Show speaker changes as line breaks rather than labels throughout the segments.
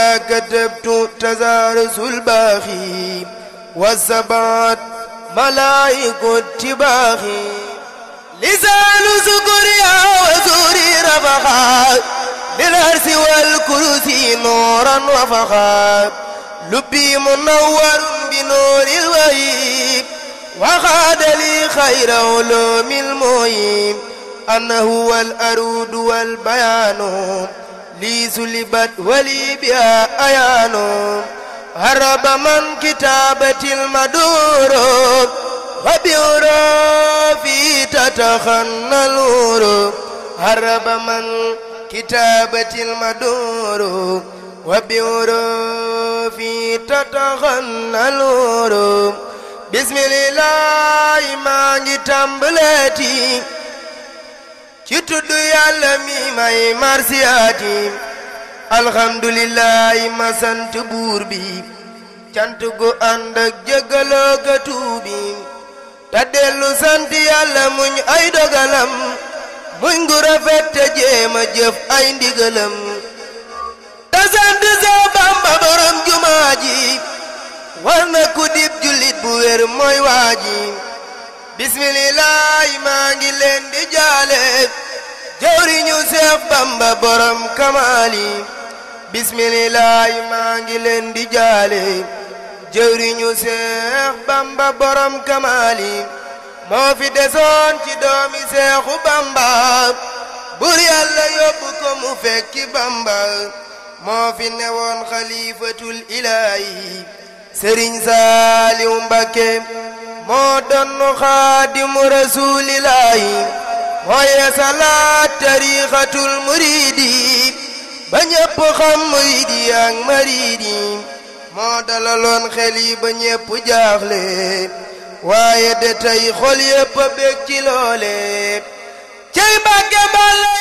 كما كتبت تزارس الباخي والسبعة ملائك التباخي لسان سكريا وزوري رفخا بالعرس والكرسي نورا وفخا لبي منور بنور الوهيب وخاد لي خير علوم المهيب أنه هو الأرود والبيان لي سلبت ولي بها أيان هرب من كتابة المدور وبعرافي تتخنى الور هرب من كتابة المدور وبعرافي تتخنى الور بسم الله ما جتمبلتي ci tudd yàlla mi may marsiyaati alhamdulillahi ma sant buur bi cant gu ànd ak jégaloo ka dellu sant yàlla muñ ay dogalam muñ gu rafet te jéema jëf ay ndigalam te sant soo borom jumaa war na ku dib jullit bu wér mooy waa bismillah maa ngi leen di jaale jëwriñu Seex Bamba borom kamaali bismillah maa ngi leen di jaale jëwriñu Seex Bamba borom kamaali moo fi desoon ci doomi Seexu Bamba bur yàlla yóbbu ko mu fekki Bamba moo fi newoon xalifatul ilaahi Sëriñ Saaliw Mbakke moo doon xaadimu rasuulillaahi mooy salaat tariixatul muriidi ba ñépp xam muriidi ak mariidi moo dalaloon xel yi ba ñépp jaaxle waaye de tey xol yépp a bég ci loole cey Mbàkke Bàlla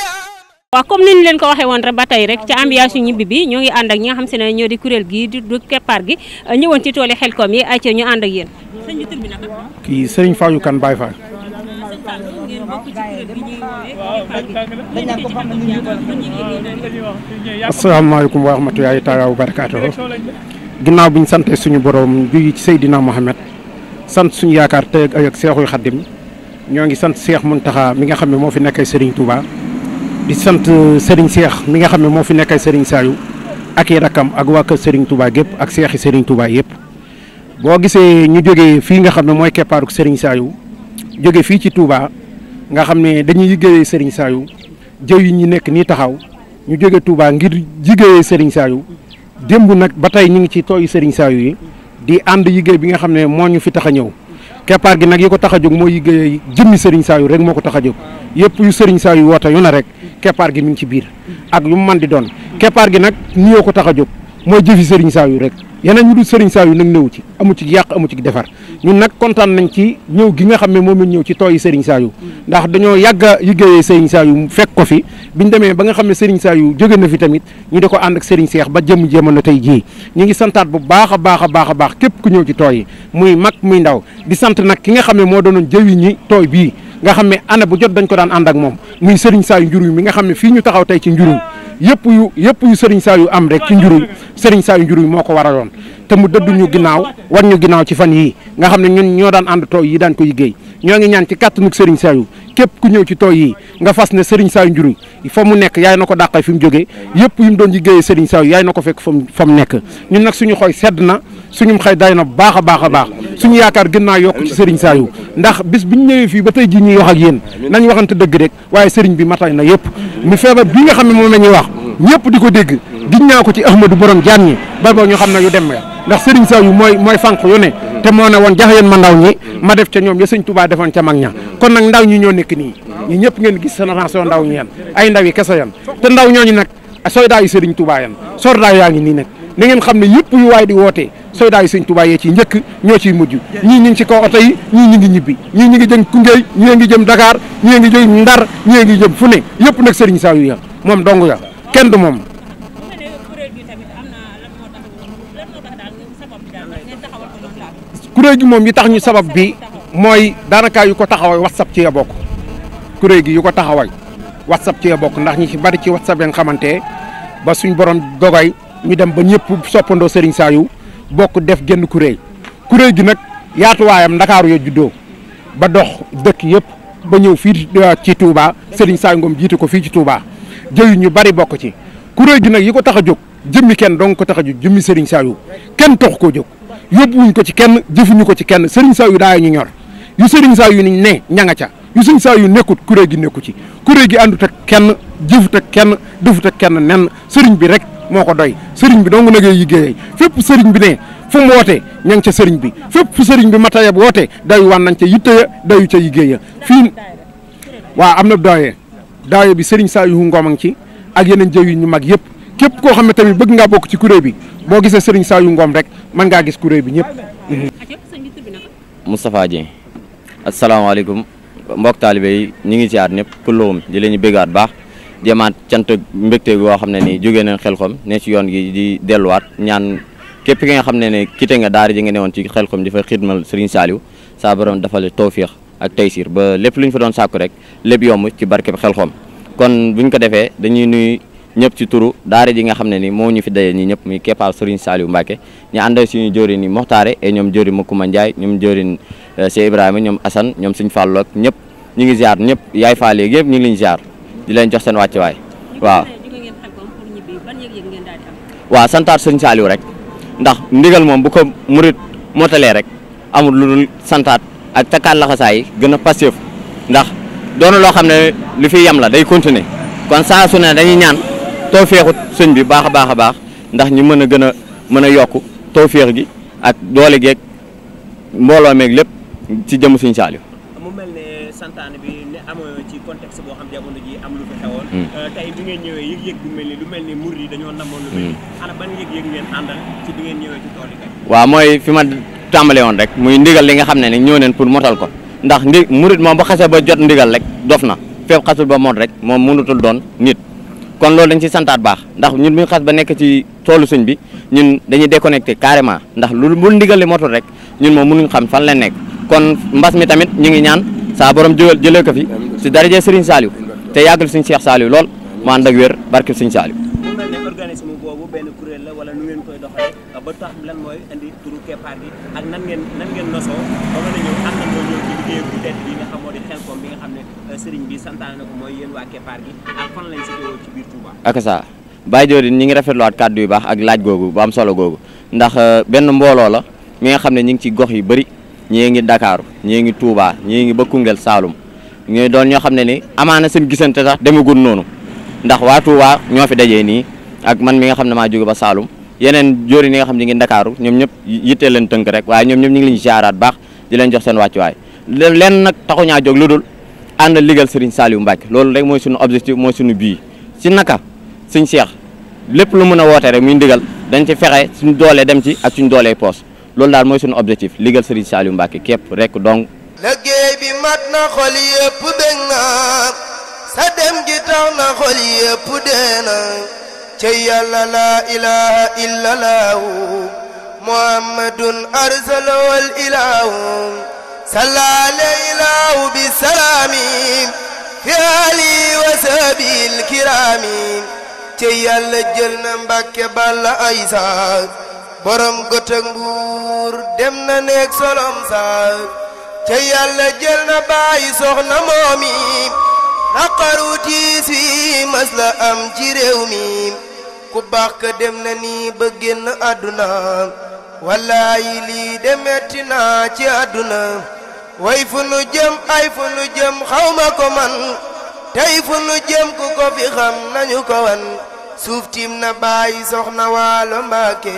waaw comme ni ñu leen ko waxee woon rek ba tey rek ci ambiance yu ñibbi bi ñoo ngi ànd ak ñi xam si ne ñoo di kuréel gii di du keppar gi ñëwoon ci tooli Xelcom yi ay ci ñu ànd ak yéen
kii Serigne Fallou Kane Baye Fall. asalaamaaleykum wa rahmatulaahi taala wa barakaatuh. ginnaaw bi ñu sante suñu borom bi ci Seydina Mohamed sant suñu yaakaar tey ak ëllëg Seexul Xaddim ñoo ngi sant Seex taxa mi nga xam ne moo fi nekkee Serigne Touba. di sant Serigne Seex mi nga xam ne moo fi nekkee Serigne Saliou ak i rakkam ak waa kër Serigne Touba gépp ak seexi Serigne Touba yëpp. boo gisee ñu jógee fii nga xam ne mooy keppaaruk Serigne Saliou jóge fii ci Touba nga xam ne dañuy liggéeyee Serigne Saliou jëw yi ñu nekk nii taxaw ñu jóge Touba ngir liggéeyee Serigne Saliou démb nag ba tey ñu ngi ci tooyu Serigne Saliou yi di ànd liggéey bi nga xam ne moo ñu fi tax a ñëw keppaar gi nag yi ko tax a jóg mooy liggéey jëmmi Serigne Saliou rek moo ko tax a jóg yëpp yu Serigne Saliou woote yu na rek keppaar gi mi ngi ci biir ak lu mu mën di doon keppaar gi nag niyoo ko tax a jóg mooy jëfi Serigne Saliou rek yeneen ñu dul Serigne Saliou nag néew ci amu ci yàq amu ci defar ñu nag kontaan nañ ci ñëw gi nga xam ne moom la ñëw ci tooy Serigne Saliou ndax dañoo yàgg a liggéeyee Serigne mu fekk ko fi biñ demee ba nga xam ne Serigne Saliou jóge na fi tamit ñu di ko ànd ak Serigne Cheikh ba jëm jéema na tey jii ñu ngi santaat bu baax a baax a baax a baax képp ku ñëw ci tooy yi muy mag muy ndaw di sant nag ki nga xam ne moo doonoon jëwi ñi tooy bii nga xam ne ana bu jot dañ ko daan ànd ak moom muy Serigne Saliou Ndiourougne mi nga xam ne fii ñu taxaw tey ci Ndiourougne yëpp yu yëpp yu Serigne Saliou am rek ci njuruñ Serigne Saliou njuruñ moo ko waraloon te mu dëddu ginnaaw war ñu ginnaaw ci fan yi nga xam ne ñun ñoo daan ànd tooy yi daan ko liggéey ñoo ngi ñaan ci kàttanug Serigne Saliou képp ku ñëw ci tooy yi nga fas ne Serigne Saliou njuruñ fa mu nekk yaay na ko dàqay fi mu jógee yëpp yu mu doon liggéeyee Serigne Saliou yaay na ko fekk fa mu fa nekk ñun nag suñu xooy sedd na suñum xëy day na baax a baax a baax suñu yaakaar gën naa yokk ci sëriñ Saliou ndax bis ñu ñëwee fii ba tey jii ñu wax ak yéen nañ waxante dëgg rek waaye sëriñ bi matay na bi nga xam ne moom la ñuy wax ñëpp di ko dégg giñ naa ko ci Ahmadou borom jaan ñi ba ba ñu xam na yu dem ndax sëriñ Saliou mooy mooy fànq yu ne te moo ne woon jax yéen ma ndaw ñi ma def ca ñoom ya sëñ Touba defoon ca mag ña kon nag ndaw ñi ñoo nekk nii ñi ñëpp ngeen gis génération ndaw ñi yan ay ndaw yi kese yan te ndaw ñooñu nag sooy daayu sëriñ Touba yan soor yaa ngi nii nag na ngeen xam ne yëpp yu waay di wootee soldats yi sëñ Tuubaa ci njëkk ñoo ciy mujj ñii ñu ngi ci kaw oto yi ñii ñu ngi ñibbi ñii ñu ngi jëm Koungheul ñii ngi jëm Dakar ñii ngi jëm Ndar ñii ngi jëm fu ne yëpp nag Serigne Saliou ya moom dong ya kenn du moom kuréel gi moom yi tax ñu sabab bi mooy daanaka yu ko taxaway whatsapp ci ya bokk kuréel gi yu ko taxaway whatsapp ci ya bokk ndax ñi ci bari ci whatsapp nga xamante ba suñ borom dogay ñu dem ba ñëpp soppandoo Serigne Saliou bokk def genn kuréel kuréel gi nag yaatuwaayam ndakaaru ya juddoo ba dox dëkk yëpp ba ñëw fii ci euh, Touba sëriñ Saliou ngoom jiite ko fii ci Touba jëyu ñu bari bokk ci kuréel gi nag yi ko tax a jóg jëmmi kenn dong ko tax a jóg jëmmi Serigne Saliou kenn tax koo jóg yóbbuwuñ ko ci kenn jëfuñu ko ci kenn Serigne Saliou daa ñu ñor yu Serigne Saliou ni ne ña nga ca yu Serigne Saliou nekkut kuréel gi nekku ci kuréel gi àndut ak kenn jëfut ak kenn defut ak kenn nen Serigne bi rek. moo ko doy sëriñ bi dong na ngay liggéey fépp sëriñ bi ne fu mu woote ña ca sëriñ bi fépp fu sëriñ bi mataya bu woote dayu wan nañ ca yitte ya dayu ca liggéey ya fii am na daaye daaye bi sëriñ saa yu ngoomang ci ak yeneen jëw ñu mag yëpp képp koo xam ne tamit bëgg ngaa bokk ci kuréel bi boo gisee sëriñ saa yu ngoom rek mën ngaa gis kuréel bi ñëpp
Moustapha Dieng asalaamaaleykum mbokk taalibe yi ñu ngi ci aat ñëpp kulluhum di leen ñu béggaat baax di amaat cant mbégte goo xam ne nii jógee nañ xelkom ne ci yoon gi di delluwaat ñaan képp ki nga xam ne ne kite nga daara ji nga newoon ci xelkom di fa xidmal Serigne Saliou saa borom dafale tawféex ak taysiir ba lépp lu ñu fa doon sàkku rek lépp yomb ci barkeb xelkom kon bu buñ ko defee dañuy nuyu ñëpp ci turu daara ji nga xam ne ni moo ñu fi daje ñi ñëpp muy keppaaw Serigne Saliou Mbacke ñu àndal suñu jëwriñ yi Moxtaare et ñoom jëwriñ Makuma Ndiaye ñoom joori euh, Cheikh Ibrahima ñoom Assane ñoom suñ Fallou ak ñëpp ñu ngi ziar ñëpp yaay faale yëpp ñu ngi leen ziar di leen jox seen wàccuwaay waaw. waaw santaat sëñ Saaliw rek ndax ndigal moom bu ko murit motalee rek amul lu dul santaat ak takkaat laxasaay gën a ndax doonu loo xam ne lu fi yem la day continuer kon saa su ne dañuy ñaan too feexut sëñ bi baax a baax a baax ndax ñi mën a gën a mën a yokk too féex gi ak doole geeg mbooloo meeg lépp ci jëm sëñ Saaliw santaane bi ne amoo ci contexte boo xam jamono ji am lu fi xewoon. Hmm. Euh, tey bi ngeen ñëwee yëg-yëg bu mel ni lu mel ni mur yi
dañoo namoon lu mel ni
hmm. ana ban yëg-yëg ngeen àndal ci bi waaw mooy fi ma tàmbale woon rek muy ndigal li nga xam ne ni ñëw neen pour motal ko ndax ndi murit moom ba xasee ba jot ndigal rek dof na fépp xasul ba mot rek moom mënutul doon nit kon loolu dañ ci santaat baax ndax ñun bu ñu xas ba nekk ci toolu suñ bi ñun dañuy déconnecté carrément ndax lu bu ndigal li motul rek ñun moom mënuñ xam fan nekk kon mbas mi tamit ngi ñaan saa borom jël ko fi si daraje Serigne Saliou te yàggal suñu Cheikh Saliou lool mu ànd ak wér barke Serigne Saliou. la wala nu koy doxalee ba tax lan mooy indi turu keppaar gi ak nan ngeen nosoo ba mën a ñëw àndandoo bi nga euh, ko mooy yéen waa keppaar gi ak fan lañ si jëloo ci biir Touba. ak saa Baye Diodine ñi ngi rafetluwaat kàddu yu baax ak laaj googu bu am solo googu ndax euh, benn mbooloo la mi nga xam ne ñi ngi ci gox yu bari ñée ngi Dakar ñii ngi Touba ñii ngi ba Koungheul Saloum ñooy doon ñoo xam ne ni amaana seen gisante sax demagul noonu ndax waa Touba ñoo fi dajee nii ak man mi nga xam ne maa jóge ba saalum yeneen jóori ni nga xam ne ñi ngi Dakar ñoom ñëpp yittee leen tënk rek waaye ñoom ñoom ñu ngi leen jaaraat baax di leen jox seen wàccuwaay leen nag taxu ñaa jóg lu dul ànd liggéeyal Serigne Saliou Mbacké loolu rek mooy suñu objectif mooy suñu bii si naka suñ Cheikh lépp lu mën a woote rek muy ndigal dañ ci fexe suñ doolee dem ci ak suñ doolee poos loolu daal mooy suñu objectif liggéeyal Serigne Saliou Mbacke képp rek donc.
liggéey bi mat xol yëpp bég sa dem gi tax na xol yëpp dee na ca yàlla laa ilaha illa laahu muhammadun arsalawal ilaahu salaale ilaahu bi salaami fi ali wa sabil kiraami ca yàlla jël na mbàkke balla ay borom gët ak mbuur dem na néeg solom saa ca yàlla jël na bàyyi soxna moomi naqaru tiis wi mas la am ci réew mi ku baax ka dem na nii ba génn àdduna wallaayi lii de metti ci àdduna way fu nu jëm ay fu nu jëm xawma ko man tey fu nu jëm ku ko fi xam nañu ko wan suuf tiim na bàyyi soxna waalo Mbàkke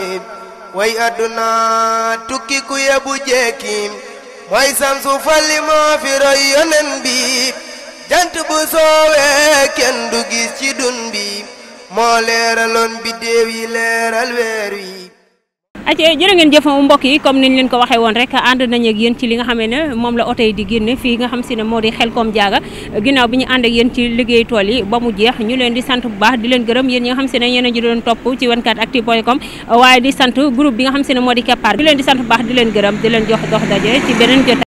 way adduna tukki ku yebu jekkim mooy sansu falli moo fi roy yonen bi jant bu soowee kenn du ci dun bi moo leeraloon biddéew yi leeral weer ace jërë ngeen jëf mbokk yi comme niñ leen ko waxee woon rek ànd nañ ak yéen ci li nga xamee ne moom la oto yi di génne fii nga xam si ne moo di Xelcom Diaga ginnaaw bi ñu ànd ak yéen ci liggéey tool yi ba mu jeex ñu leen di sant bu baax di leen gërëm yéen ñi nga xam si ne yéen a ñu doon topp ci 24actu point com waaye di sant groupe bi nga xam si ne moo di keppaar di leen di sant bu baax di leen gërëm di leen jox dox daje ci beneen jot